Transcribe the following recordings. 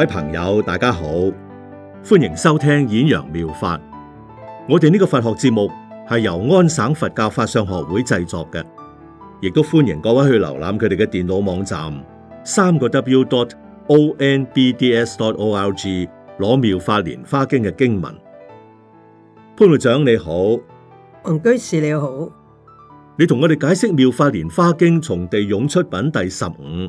.各位朋友，大家好，歡迎收聽演揚妙、妙法。我哋呢個佛學節目係由安省佛教法相學會製作嘅，亦都歡迎各位去瀏覽佢哋嘅電腦網站，三個 w.dot.o.n.b.d.s.dot.o.r.g 攞妙法蓮花經嘅經文。潘會長你好，王居士你好，你同我哋解釋妙法蓮花經從地涌出品第十五。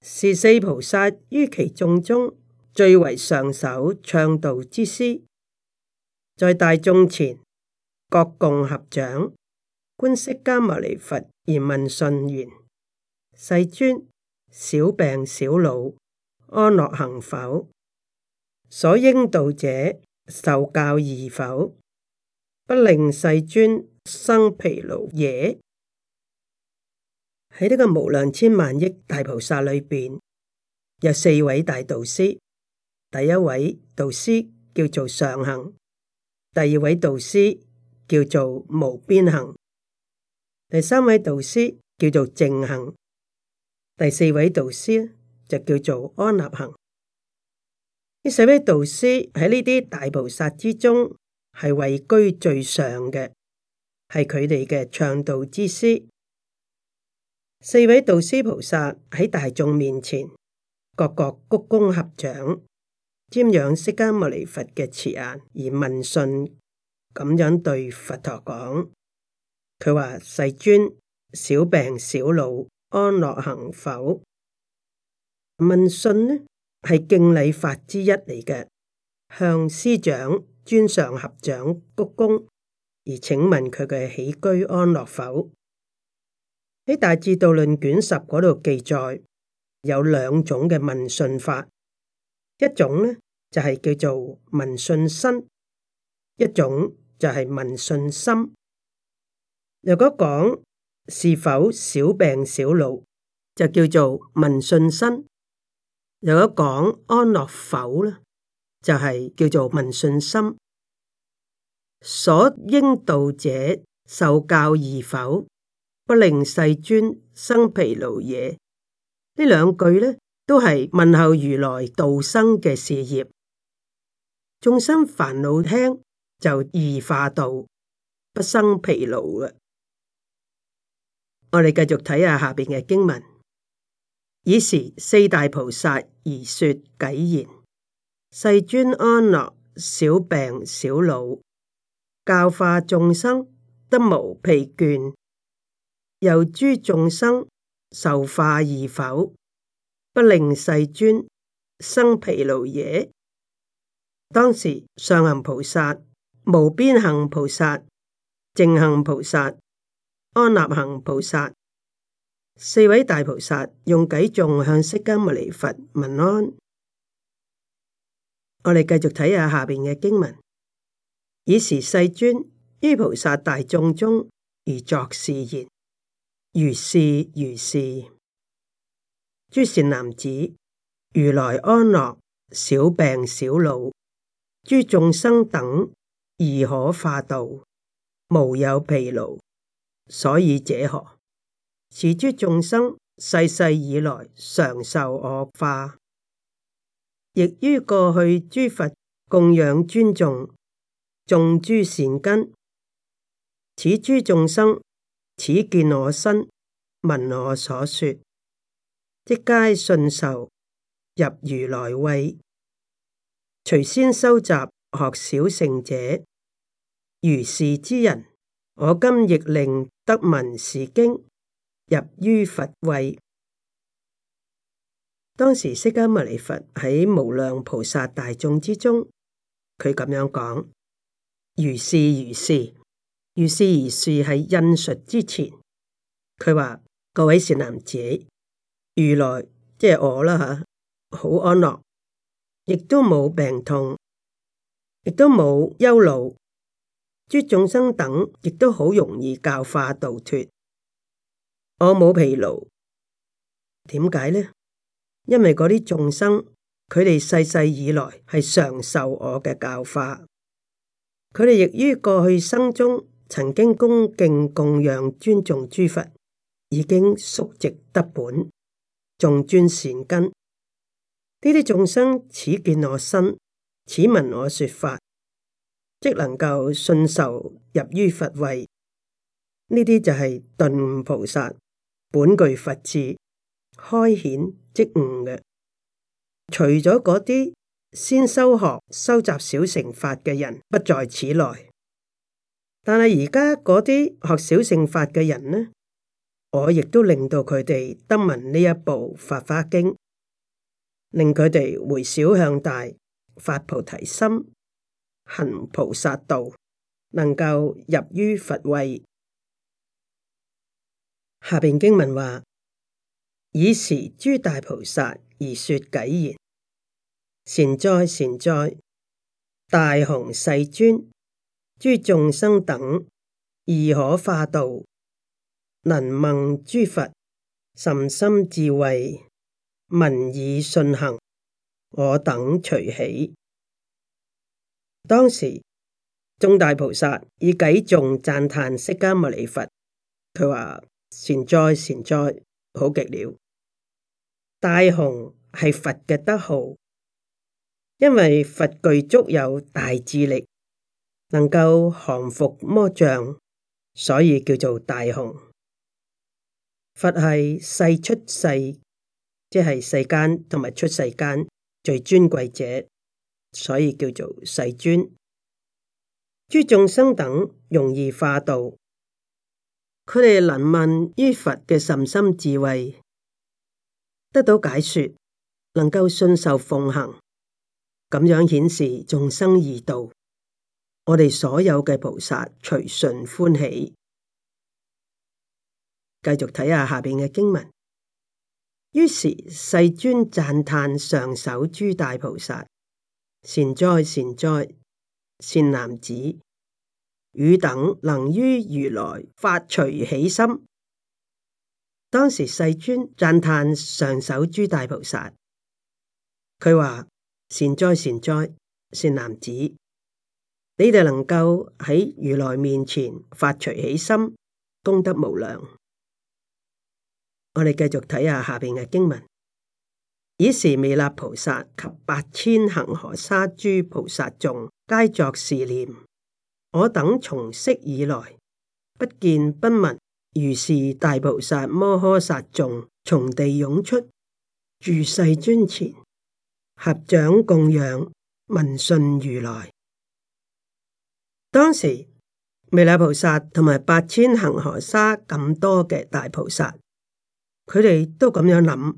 是四菩薩於其眾中最為上首唱導之師，在大眾前各共合掌，觀釋迦牟尼佛而問訊言：世尊，少病少惱安樂行否？所應度者受教易否？不令世尊生疲勞耶？喺呢個無量千萬億大菩薩裏邊，有四位大導師。第一位導師叫做上行，第二位導師叫做無邊行，第三位導師叫做淨行，第四位導師就叫做安立行。呢四位導師喺呢啲大菩薩之中係位居最上嘅，係佢哋嘅唱導之師。四位導師菩薩喺大眾面前，各各鞠躬合掌，瞻仰釋迦牟尼佛嘅慈顏，而問訊。咁樣對佛陀講，佢話：世尊，小病小老，安樂行否？問訊呢係敬禮法之一嚟嘅，向師長尊上合掌鞠躬，而請問佢嘅起居安樂否？喺《大智度論》卷十嗰度記載，有兩種嘅問訊法，一種咧就係、是、叫做問訊身；一種就係問訊心。如果講是否小病小老，就叫做問訊身；如果講安樂否咧，就係叫做問訊心。所應道者受教而否？不令世尊生疲勞也，呢兩句咧都係問候如來度生嘅事業。眾生煩惱輕就易化度，不生疲勞啊！我哋繼續睇下下邊嘅經文。以時四大菩薩而說偈言：世尊安樂，少病少惱，教化眾生，得無疲倦。由諸眾生受化而否，不令世尊生疲勞也。當時上行菩薩、無邊行菩薩、淨行菩薩、安立行菩薩四位大菩薩，用偈眾向釋迦牟尼佛問安。我哋繼續睇下下邊嘅經文。以時世尊於菩薩大眾中而作是言。如是如是，諸善男子，如來安樂，少病少惱，諸眾生等而可化度，無有疲勞。所以者何？此諸眾生世世以來常受我化，亦於過去諸佛供養尊重，種諸善根。此諸眾生。此見我身，聞我所說，即皆信受入如來位。隨先修習學小聖者。如是之人，我今亦令得聞是經，入於佛位。當時釋迦牟尼佛喺無量菩薩大眾之中，佢咁樣講：如是如是。如是而說，喺印述之前，佢話各位善男子，如來即係、就是、我啦吓，好安樂，亦都冇病痛，亦都冇憂勞，諸眾生等亦都好容易教化度脫。我冇疲勞，點解呢？因為嗰啲眾生，佢哋世世以來係常受我嘅教化，佢哋亦於過去生中。曾經恭敬供養尊重諸佛，已經肅植德本，種尊善根。呢啲眾生，此見我身，此聞我説法，即能夠信受入於佛位。呢啲就係頓悟菩薩，本具佛智，開顯即悟嘅。除咗嗰啲先修學、收集小乘法嘅人，不在此內。但係而家嗰啲學小乘法嘅人呢？我亦都令到佢哋得聞呢一部法華經，令佢哋回小向大，發菩提心，行菩薩道，能夠入於佛位。下邊經文話：以時諸大菩薩而說偈言：善哉善哉，大雄世尊。諸眾生等，宜可化導。能問諸佛甚深智慧，聞已信行，我等隨喜。當時眾大菩薩以偈頌讚歎釋迦牟尼佛，佢話：善哉善哉，好極了！大雄係佛嘅德號，因為佛具足有大智力。能夠降伏魔障，所以叫做大雄。佛係世出世，即係世間同埋出世間最尊貴者，所以叫做世尊。諸眾生等容易化導，佢哋能問於佛嘅甚深智慧，得到解說，能夠信受奉行，咁樣顯示眾生易度。我哋所有嘅菩薩隨順歡喜，繼續睇下下邊嘅經文。於是世尊讚歎上首諸大菩薩：善哉善哉，善男子，汝等能於如來發隨喜心。當時世尊讚歎，歎上首諸大菩薩，佢話善哉善哉，善男子。你哋能夠喺如來面前發隨喜心，功德無量。我哋繼續睇下下邊嘅經文。爾時，彌勒菩薩及八千恒河沙諸菩薩眾，皆作是念：我等從昔以來，不見不聞。如是，大菩薩摩訶薩眾從地涌出，住世尊前，合掌供養，問訊如來。當時彌勒菩薩同埋八千恒河沙咁多嘅大菩薩，佢哋都咁樣諗：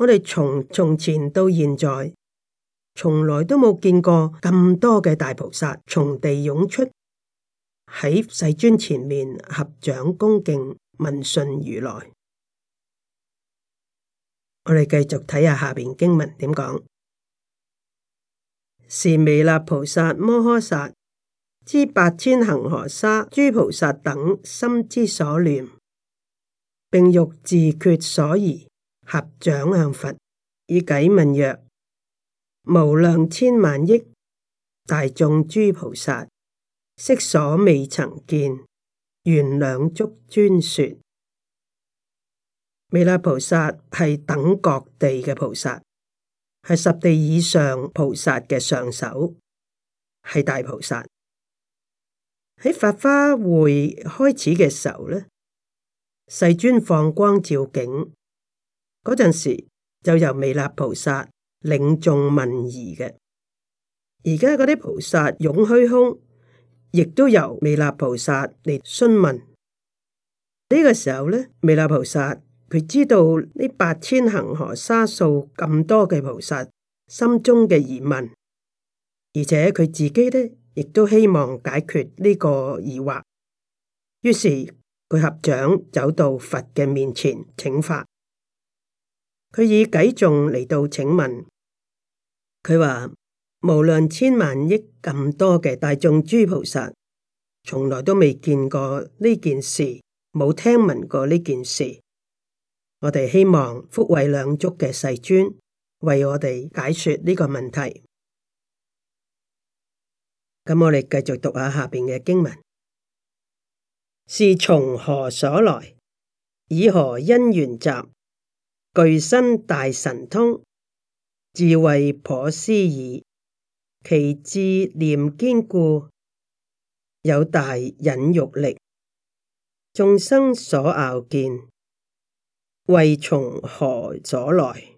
我哋從從前到現在，從來都冇見過咁多嘅大菩薩從地涌出，喺世尊前面合掌恭敬問訊如來。我哋繼續睇下下邊經文點講，是彌勒菩薩摩訶薩。知八千恒河沙諸菩薩等心之所念，並欲自決所疑，合掌向佛以偈問曰：無量千萬億大眾諸菩薩，悉所未曾見。願兩足尊說，彌勒菩薩係等覺地嘅菩薩，係十地以上菩薩嘅上首，係大菩薩。喺法花會開始嘅時候咧，世尊放光照景，嗰陣時就由彌勒菩薩領眾問疑嘅。而家嗰啲菩薩涌虛空，亦都由彌勒菩薩嚟詢問。呢個時候咧，彌勒菩薩佢知道呢八千恒河沙數咁多嘅菩薩心中嘅疑問，而且佢自己呢？亦都希望解決呢個疑惑，於是佢合掌走到佛嘅面前請法。佢以偈頌嚟到請問，佢話：無論千萬億咁多嘅大眾，諸菩薩從來都未見過呢件事，冇聽聞過呢件事。我哋希望福慧兩足嘅世尊為我哋解説呢個問題。咁我哋繼續讀下下邊嘅經文，是從何所來？以何因緣集？巨身大神通，智慧叵思議，其志念堅固，有大忍辱力，眾生所拗見，為從何所來？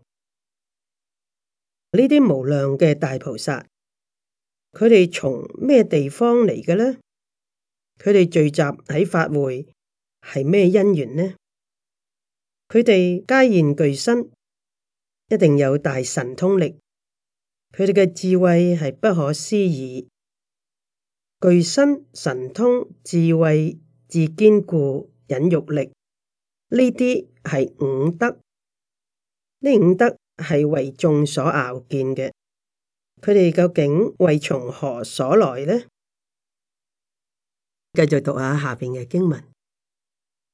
呢啲無量嘅大菩薩。佢哋從咩地方嚟嘅咧？佢哋聚集喺法會係咩因緣呢？佢哋皆現具身，一定有大神通力。佢哋嘅智慧係不可思議，具身神通、智慧、自堅固、忍辱力，呢啲係五德。呢五德係為眾所熬見嘅。佢哋究竟為從何所來呢？繼續讀下下邊嘅經文：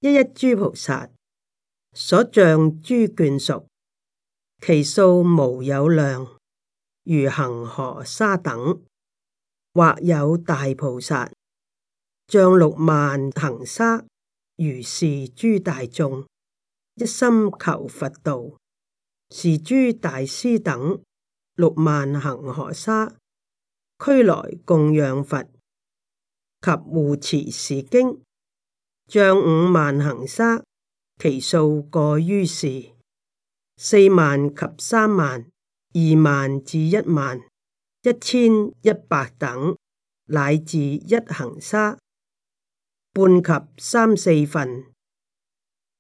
一一諸菩薩，所像諸眷屬，其數無有量，如恆河沙等；或有大菩薩，像六萬恆沙，如是諸大眾，一心求佛道，是諸大師等，六萬恒河沙，區來供養佛及護持是經，像五萬恒沙，其數過於是，四萬及三萬二萬至一萬一千一百等，乃至一恒沙半及三四分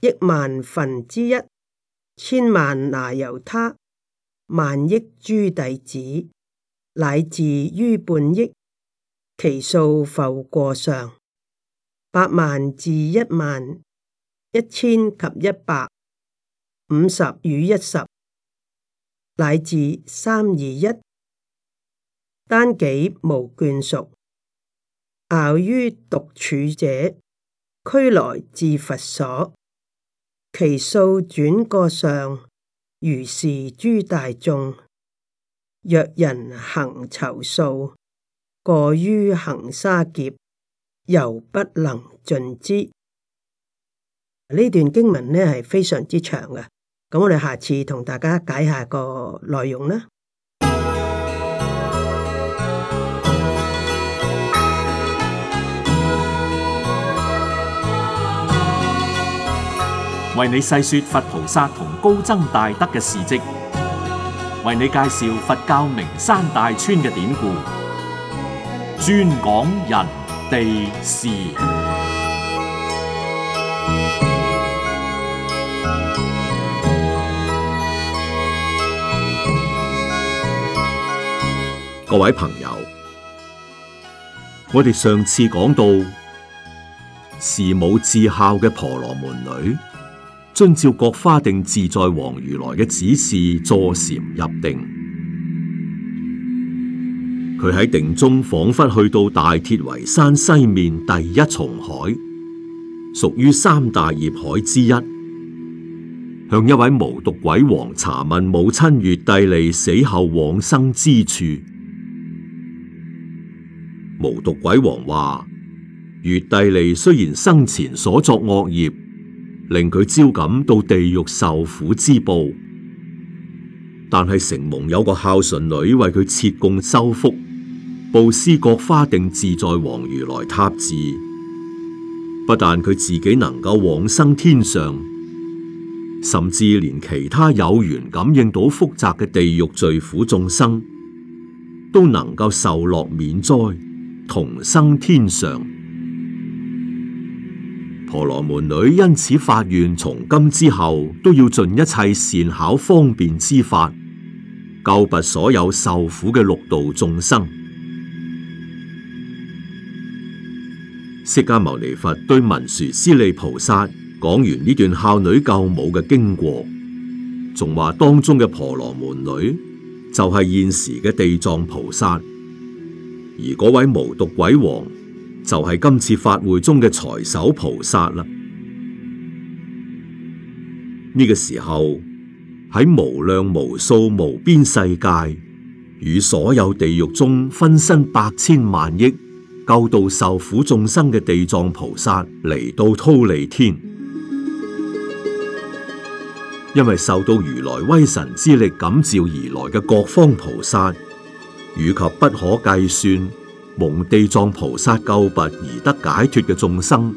億萬分之一千萬那由他。萬億諸弟子，乃至於半億，其數浮過上；百萬至一萬、一千及一百、五十與一十，乃至三二一，單己無眷屬，傲於獨處者，俱來至佛所，其數轉過上。如是諸大眾，若人行籌數，過於恆沙劫，猶不能盡知。呢段經文呢係非常之長嘅，咁我哋下次同大家解下個內容啦。為你細說佛菩薩同高僧大德嘅事蹟，為你介紹佛教名山大川嘅典故，專講人地事。各位朋友，我哋上次講到，事母至孝嘅婆羅門女。遵照覺華定自在王如來嘅指示坐禪入定，佢喺定中仿佛去到大鐵圍山西面第一重海，屬於三大業海之一。向一位無毒鬼王查問母親悅帝利死後往生之處，無毒鬼王話：悅帝利雖然生前所作惡業。令佢招感到地獄受苦之報，但係成蒙有個孝順女為佢設供修福，布施覺華定自在王如來塔寺，不但佢自己能夠往生天上，甚至連其他有緣感應到福澤嘅地獄罪苦眾生，都能夠受樂免災，同生天上。婆羅門女因此發願，從今之後都要盡一切善巧方便之法，救拔所有受苦嘅六道眾生。釋迦牟尼佛對文殊師利菩薩講完呢段孝女救母嘅經過，仲話當中嘅婆羅門女就係現時嘅地藏菩薩，而嗰位無毒鬼王。就係今次法會中嘅財首菩薩啦。呢個時候喺無量無數無邊世界與所有地獄中分身百千萬億救度受苦眾生嘅地藏菩薩嚟到忉利天。因為受到如來威神之力感召而來嘅各方菩薩，以及不可計算，蒙地藏菩薩救拔而得解脫嘅眾生，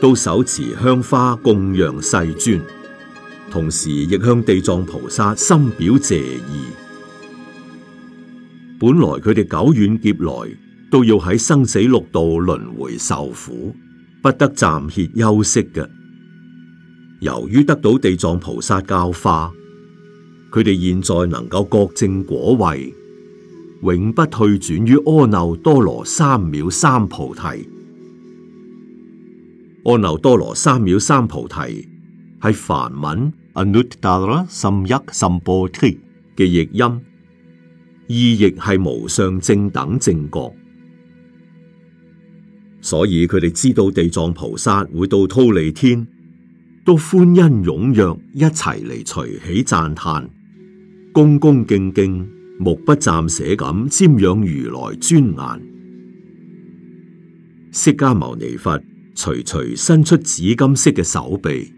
都手持香花供養世尊，同時亦向地藏菩薩深表謝意。本來佢哋久遠劫來都要喺生死六道輪回受苦，不得暫歇休息嘅。由於得到地藏菩薩教化，佢哋現在能夠各證果位。永不退轉於阿耨多羅三藐三菩提。阿耨多羅三藐三菩提係梵文 anuttarasamyaksambodhi 嘅譯音，意譯係無上正等正覺。所以佢哋知道地藏菩薩會到忉利天，都歡欣踴躍，一齊嚟隨喜讚嘆，恭恭敬敬。目不暫捨咁瞻仰如來尊顏，釋迦牟尼佛徐徐伸出紫金色嘅手臂，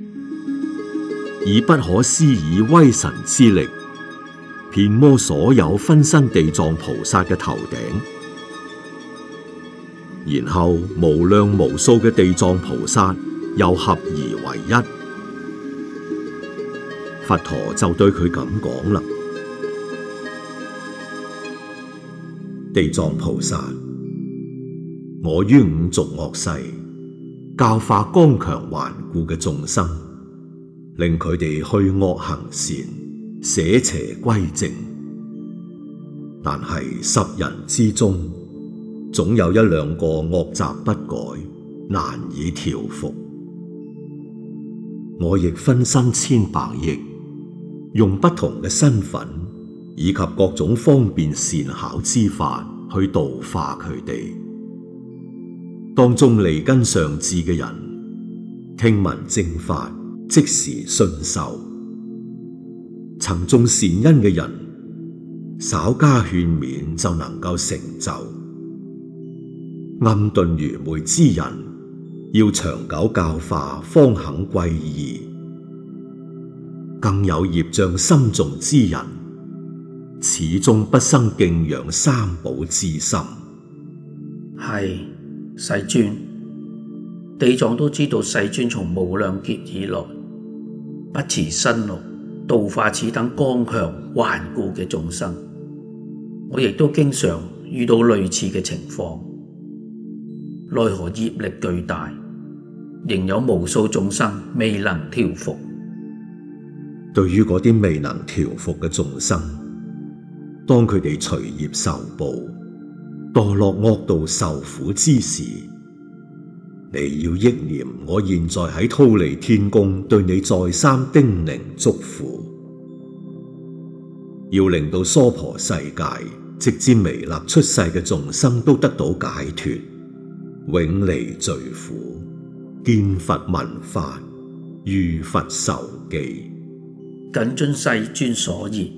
以不可思議威神之力，遍摩所有分身地藏菩薩嘅頭頂，然後無量無數嘅地藏菩薩又合而為一，佛陀就對佢咁講啦。地藏菩薩，我於五濁惡世教化剛強頑固嘅眾生，令佢哋去惡行善、捨邪歸正。但係十人之中，總有一兩個惡習不改，難以調服。我亦分身千百億，用不同嘅身份。以及各種方便善巧之法去度化佢哋。當中利根上智嘅人，聽聞正法，即時信受；曾種善因嘅人，稍加勸勉，就能夠成就。暗頓愚昧之人，要長久教化，方肯歸依。更有業障深重之人，始終不生敬仰三寶之心，係世尊，地藏都知道世尊從無量劫以來，不辭辛勞，度化此等剛強頑固嘅眾生。我亦都經常遇到類似嘅情況，奈何業力巨大，仍有無數眾生未能調伏。對於嗰啲未能調伏嘅眾生。當佢哋隨業受報，墮落惡道受苦之時，你要憶念我現在喺忉利天宮，對你再三叮嚀祝福，要令到娑婆世界直至彌勒出世嘅眾生都得到解脫，永離罪苦，見佛聞法，遇佛受記，謹遵世尊所言。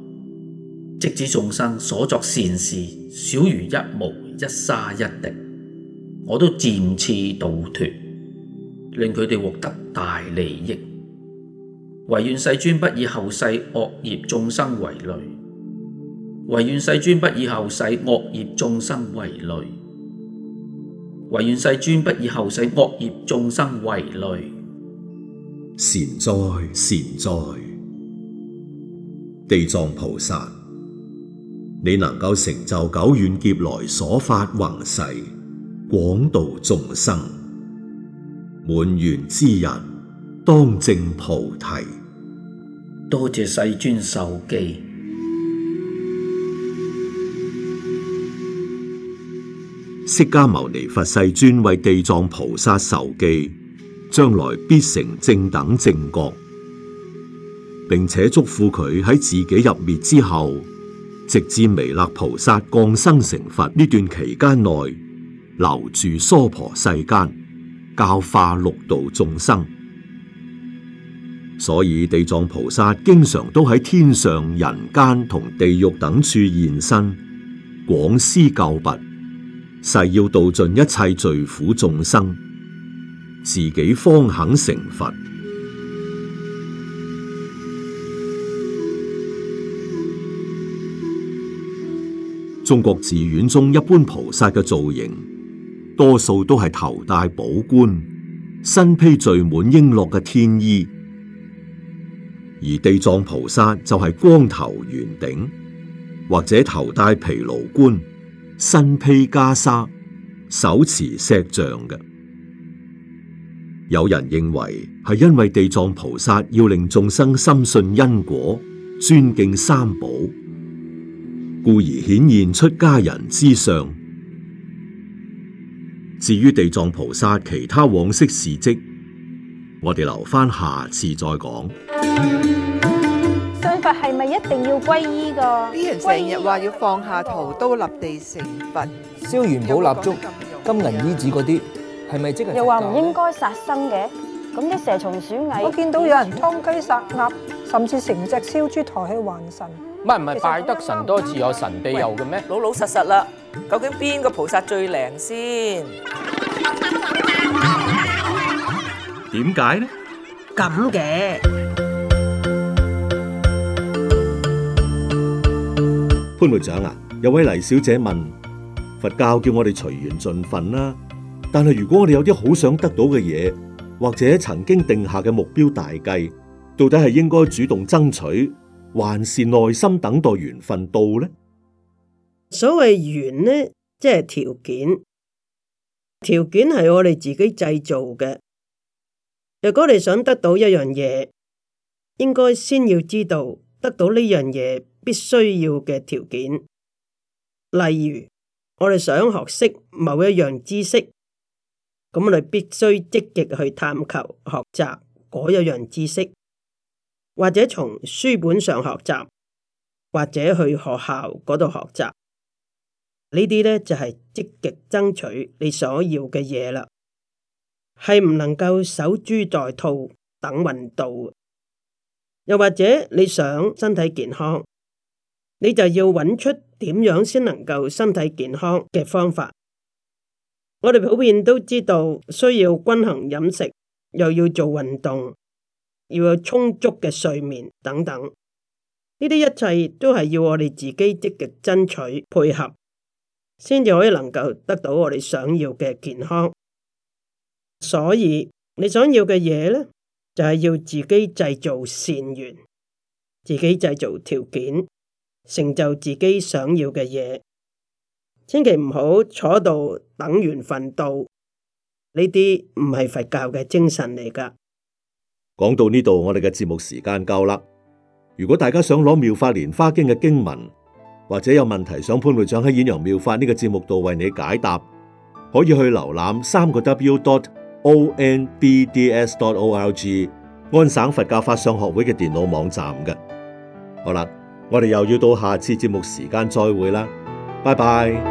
即使眾生所作善事少於一毛一沙一滴，我都漸次度脫，令佢哋獲得大利益。唯願世尊不以後世惡業眾生為累，唯願世尊不以後世惡業眾生為累，唯願世尊不以後世惡業眾生為累。善哉善哉，地藏菩薩。你能夠成就久遠劫來所發弘誓，廣度眾生，滿願之人當證菩提。多謝世尊受記，釋迦牟尼佛世尊為地藏菩薩授記，將來必成正等正覺，並且祝福佢喺自己入滅之後，直至彌勒菩薩降生成佛呢段期間內，留住娑婆世間，教化六道眾生。所以地藏菩薩經常都喺天上、人間同地獄等處現身，廣施救拔，誓要度盡一切罪苦眾生，自己方肯成佛。中國寺院中一般菩薩嘅造型，多數都係頭戴寶冠，身披綴滿瓔珞嘅天衣；而地藏菩薩就係光頭圓頂，或者頭戴毗盧冠，身披袈裟，手持錫杖嘅。有人認為係因為地藏菩薩要令眾生深信因果，尊敬三寶。故而顯現出家人之相。至於地藏菩薩其他往昔事迹，我哋留翻下，下次再講，嗯。信佛係咪一定要皈依噶？啲人成日話要放下屠刀立地成佛燒寶立是是立，燒元寶蠟燭、金銀衣紙嗰啲，係咪即係？又話唔應該殺生嘅，咁啲蛇蟲鼠蟻，我見到有人殺雞殺鴨，甚至成隻燒豬抬去還神。唔係唔係，拜得神多自有神庇佑嘅咩？老老實實啦，究竟邊個菩薩最靈先？點解呢？咁嘅潘會長啊，有位黎小姐問：佛教叫我哋隨緣盡分啦，但係如果我哋有啲好想得到嘅嘢，或者曾經定下嘅目標大計，到底係應該主動爭取？還是耐心等待緣分到呢？所謂緣呢，即係條件。條件係我哋自己製造嘅。如果你想得到一樣嘢，應該先要知道得到呢樣嘢必須要嘅條件。例如，我哋想學識某一樣知識，咁我哋必須積極去探求、學習嗰一樣知識。或者從書本上學習，或者去學校嗰度學習，呢啲呢，就係積極爭取你所要嘅嘢啦。係唔能夠守株待兔等運道。又或者你想身體健康，你就要揾出點樣先能夠身體健康嘅方法。我哋普遍都知道需要均衡飲食，又要做運動。要有充足嘅睡眠等等，呢啲一切都係要我哋自己積極爭取配合，先至可以能夠得到我哋想要嘅健康。所以你想要嘅嘢呢，就係要自己製造善緣，自己製造條件，成就自己想要嘅嘢。千祈唔好坐喺度等緣份到，呢啲唔係佛教嘅精神嚟噶。講到呢度，我哋嘅節目時間夠啦。如果大家想攞《妙法蓮花經》嘅經文，或者有問題想潘會長喺演揚妙法呢個節目度為你解答，可以去瀏覽三個 w.dot.o.n.b.d.s.dot.o.l.g 安省佛教法相學會嘅電腦網站嘅。好啦，我哋又要到下次節目時間再會啦，拜拜。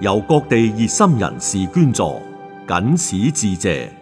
由各地熱心人士捐助，謹此致謝。